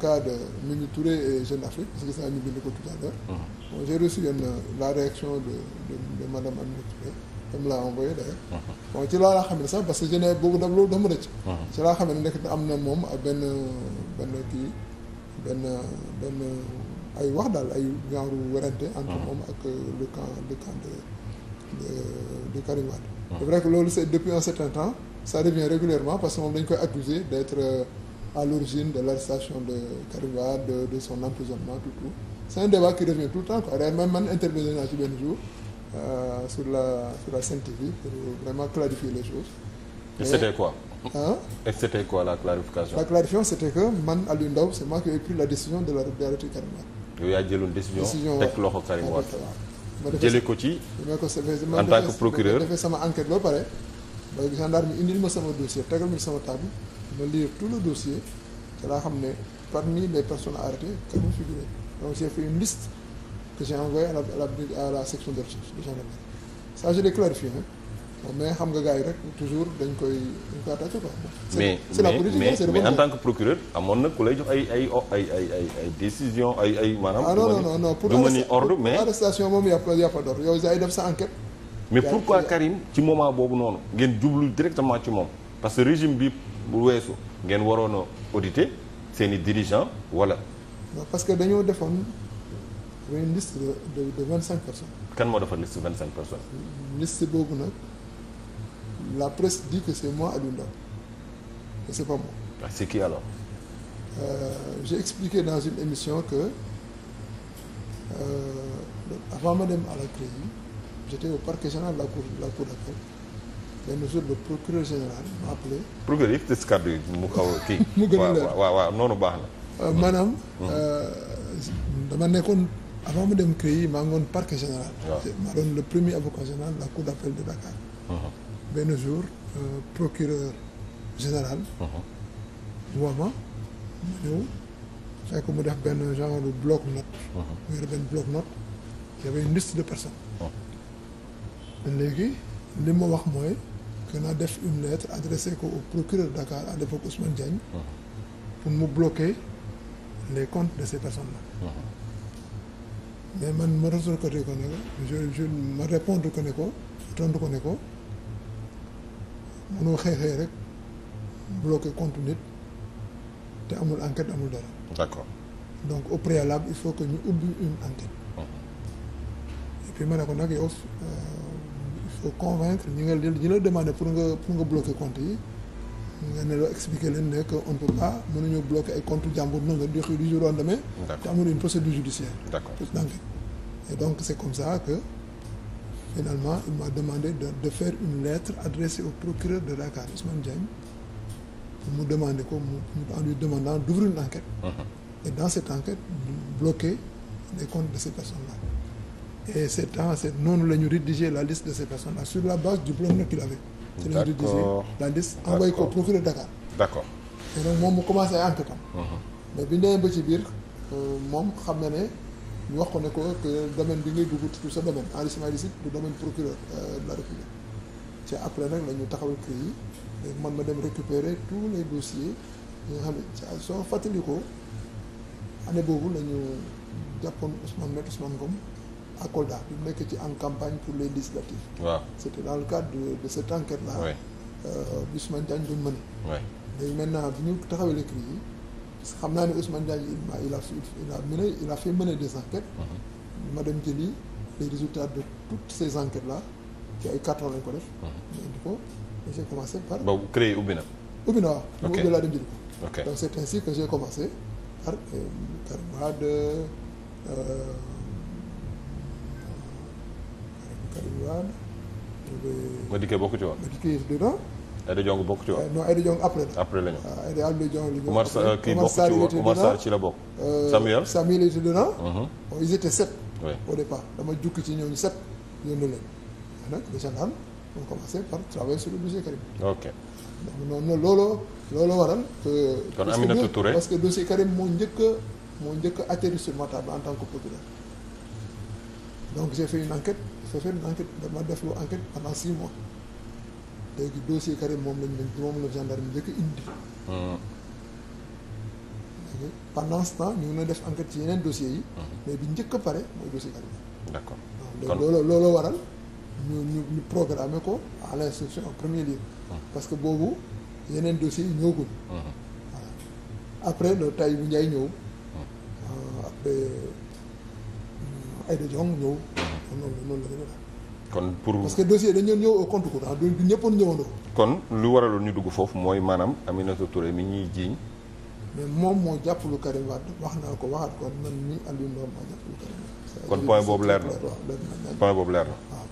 cas de ngi Touré et Jeune Afrique parce que gis ñu bind ko tout à mm-hmm. la l'a mm-hmm. ci laa laa xam ne sax parce que boobu daf loolu dama rëcc mm-hmm. ci laa xam ne nekk am na moom ak benn benn kii benn benn ay wax daal ay genre werante entre moom ak le camp le camp de de de Karim Wade que loolu c'est depuis un certain temps ça revient régulièrement parce que moom dañ koy accuser d'être euh, à l'origine de l'arrestation de Karim Wade de, de son emprisonnement tout tout c'est un débat qui revient tout le temps quoi man intervenir naa ci benn jour euh, sur la sur la Sen pour vraiment clarifier les choses. et, et c'était quoi. ah et c'était quoi la clarification. la clarification c'était que man Aliou Ndao c'est moi qui ai pris la décision de l'arrêter Karim Wade. yow yaa jëloon décision teg loxo Karim Wade jëlee ko ci en tant que procureur ma defee sama enquête ba pare ba gendarme indi ma sama dossier tegal ma sama table. ma tout le dossier ci xam ne parmi les que mu figuré donc j'ai fait une liste que j'ai envoyée mais xam nga gars yi rek toujours dañ dañ koy attaqué quoi. mais mais en tant que procureur amoon na ku lay jox ay ay ay ay ay décision ay ay maanaam. ah non non non mais arrestation moom y' a pas y' a def sa enquête. mais pourquoi Karim ci moment boobu noonu ngeen jublu directement ci moom parce que régime bi. bu weesu ngeen waroon a auditer seen i dirigeants wala. parce que dañoo defoon une liste de de vingt cinq personne kan moo defoon liste vingt cinq personnes. boobu nag la presse dit que c'est moi Aliou Ndao et c'est pas moi. ah qui alors. Euh, j'ai expliqué dans une émission que euh, avant ma dem à la CREI j'étais au la cour la cour d'appel. benn jour le procureur général m'a appelé. procureur yëpp des kàddu yi mu xaw a kii. waaw waaw noonu baax na. Euh, maanaam. Euh, dama nekkoon avant mu dem CREI maa ngi woon parquet général. maa doon le premier avocat général la cour d'appel de Dakar. Uh-huh. benn jour euh, procureur général. Uh-huh. woo ma mu ñëw fekk mu def benn genre de bloc note. Uh-huh. mu yor benn bloc note y avait une de personnes. léegi li ma wax mooy. que naa def une lettre adressée ko au procureur de Dakar à l'époque Ousmane Diagne pour mu bloquer les comptes de ces personnes-là mais man ma retourné ko ne je je ma répondre ko ne ko tontu compte nit te amul enquête amul dara d'accord donc au préalable il faut que ñu ubbi une enquête mmh. et ko nag yow euh, faut convaincre ñi nga ñi la demandé pour nga pour nga bloquer compte yi nga ne expliquer leen ne que on ne peut pas mënuñu bloquer ay compte jàmbur na nga du du jour te amul une procédure judiciaire pour et donc c'est comme ça que finalement il m'a demandé de, de faire une lettre adressée au procureur de Dakar Ousmane Diagne mu demandé ko mu en lui demandant d'ouvrir une enquête et dans cette enquête bloquer les comptes de ces personnes-là et c'est noonu la ñu rédiger la liste de ces personnes-là ah, sur la base du diplôme nag qu'il avait. ci la rédiger la liste envoyé ko moom mu commencé ay enquête mhm. mais bi ñu demee ba ci biir euh, moom xam na ne ñu wax ko ne ko que domaine bi ngay dugg tudd sa domaine enrichissement illicite du domaine procureur euh, de la République. ci après nag la ñu taxawal kër yi man ma dem récupérer tous les dossiers yi xam ne soo fàttalikoo ne boobu la ñu jàppoon Ousmane Met Ousmane Ngom. à Kolda bi mu nekk ci en campagne pour les législatives. waaw c' était dans le cadre de de cette enquête là. oui euh, Ousmane Diagne doon mën. oui léegi maintenant ñu taxawee les cris yi xam naa ne Ousmane Diagne il a il a mené il a fait mener des enquêtes. Mm-hmm. ma dem jëli les résultats de toutes ces enquêtes là ci ay carton lañ ko def. Mm-hmm. ñu indi ko et j'ai commencé par. ubbi na. ubbi na waaw. ok mu ubbi laa dem jëli ko. donc c' est ainsi que j'ai commencé par Karim euh, Wade. Euh, Karim Wade. Madické bokk ci woon. Madické dedans. Aïda bokk ci woon. Eh, non Aïda Diong après la. après la ñu. waaw ah, Aïda la ñu. Oumar Sarr kii bokk ci woon Oumar Sarr ci la bokk. Euh, Samuel Samuel était dedans. Mhm. bon ils étaient sept. oui au départ dama jukki ci ñooñu sept yëndu par travailler sur le dossier Karim. ok noonu looloo looloo waral. kon Aminata Touré parce que dossier Karim moo njëkk a moo njëkk a atterri sur en tant que procureur. donc j'ai fait une enquête dama def lu enquête pendant six mois léegi dossier Karim moom lañ leen moom la gendarme njëkk indi. Hmm. léegi pendant ce temps ñu ngi doon def enquête ci yeneen dossiers yi. Hmm. mais bi njëkk a pare mooy dossier Karim. d'accord kon loolu loolu waral ñu ñu ñu ko à l'instruction en premier lieu. Hmm. parce que boobu yeneen dossiers yi ñëwagul. voilà après le tay bu Ndiaye ñëw. Euh, ay da jong ñëw noonu kon pour parce que dossier dañu ñëw au compte courant du ñëppoon ñëwandoo. kon lu waraloon ñu dugg foofu mooy maanaam Aminata Touré mi ñuy jiiñ. mais moom moo jàppalu Karim wax naa ko waxaat ko man mii Aliou Ndao jàppalu Karim Wade. kon point boobu leer na point boobu leer na.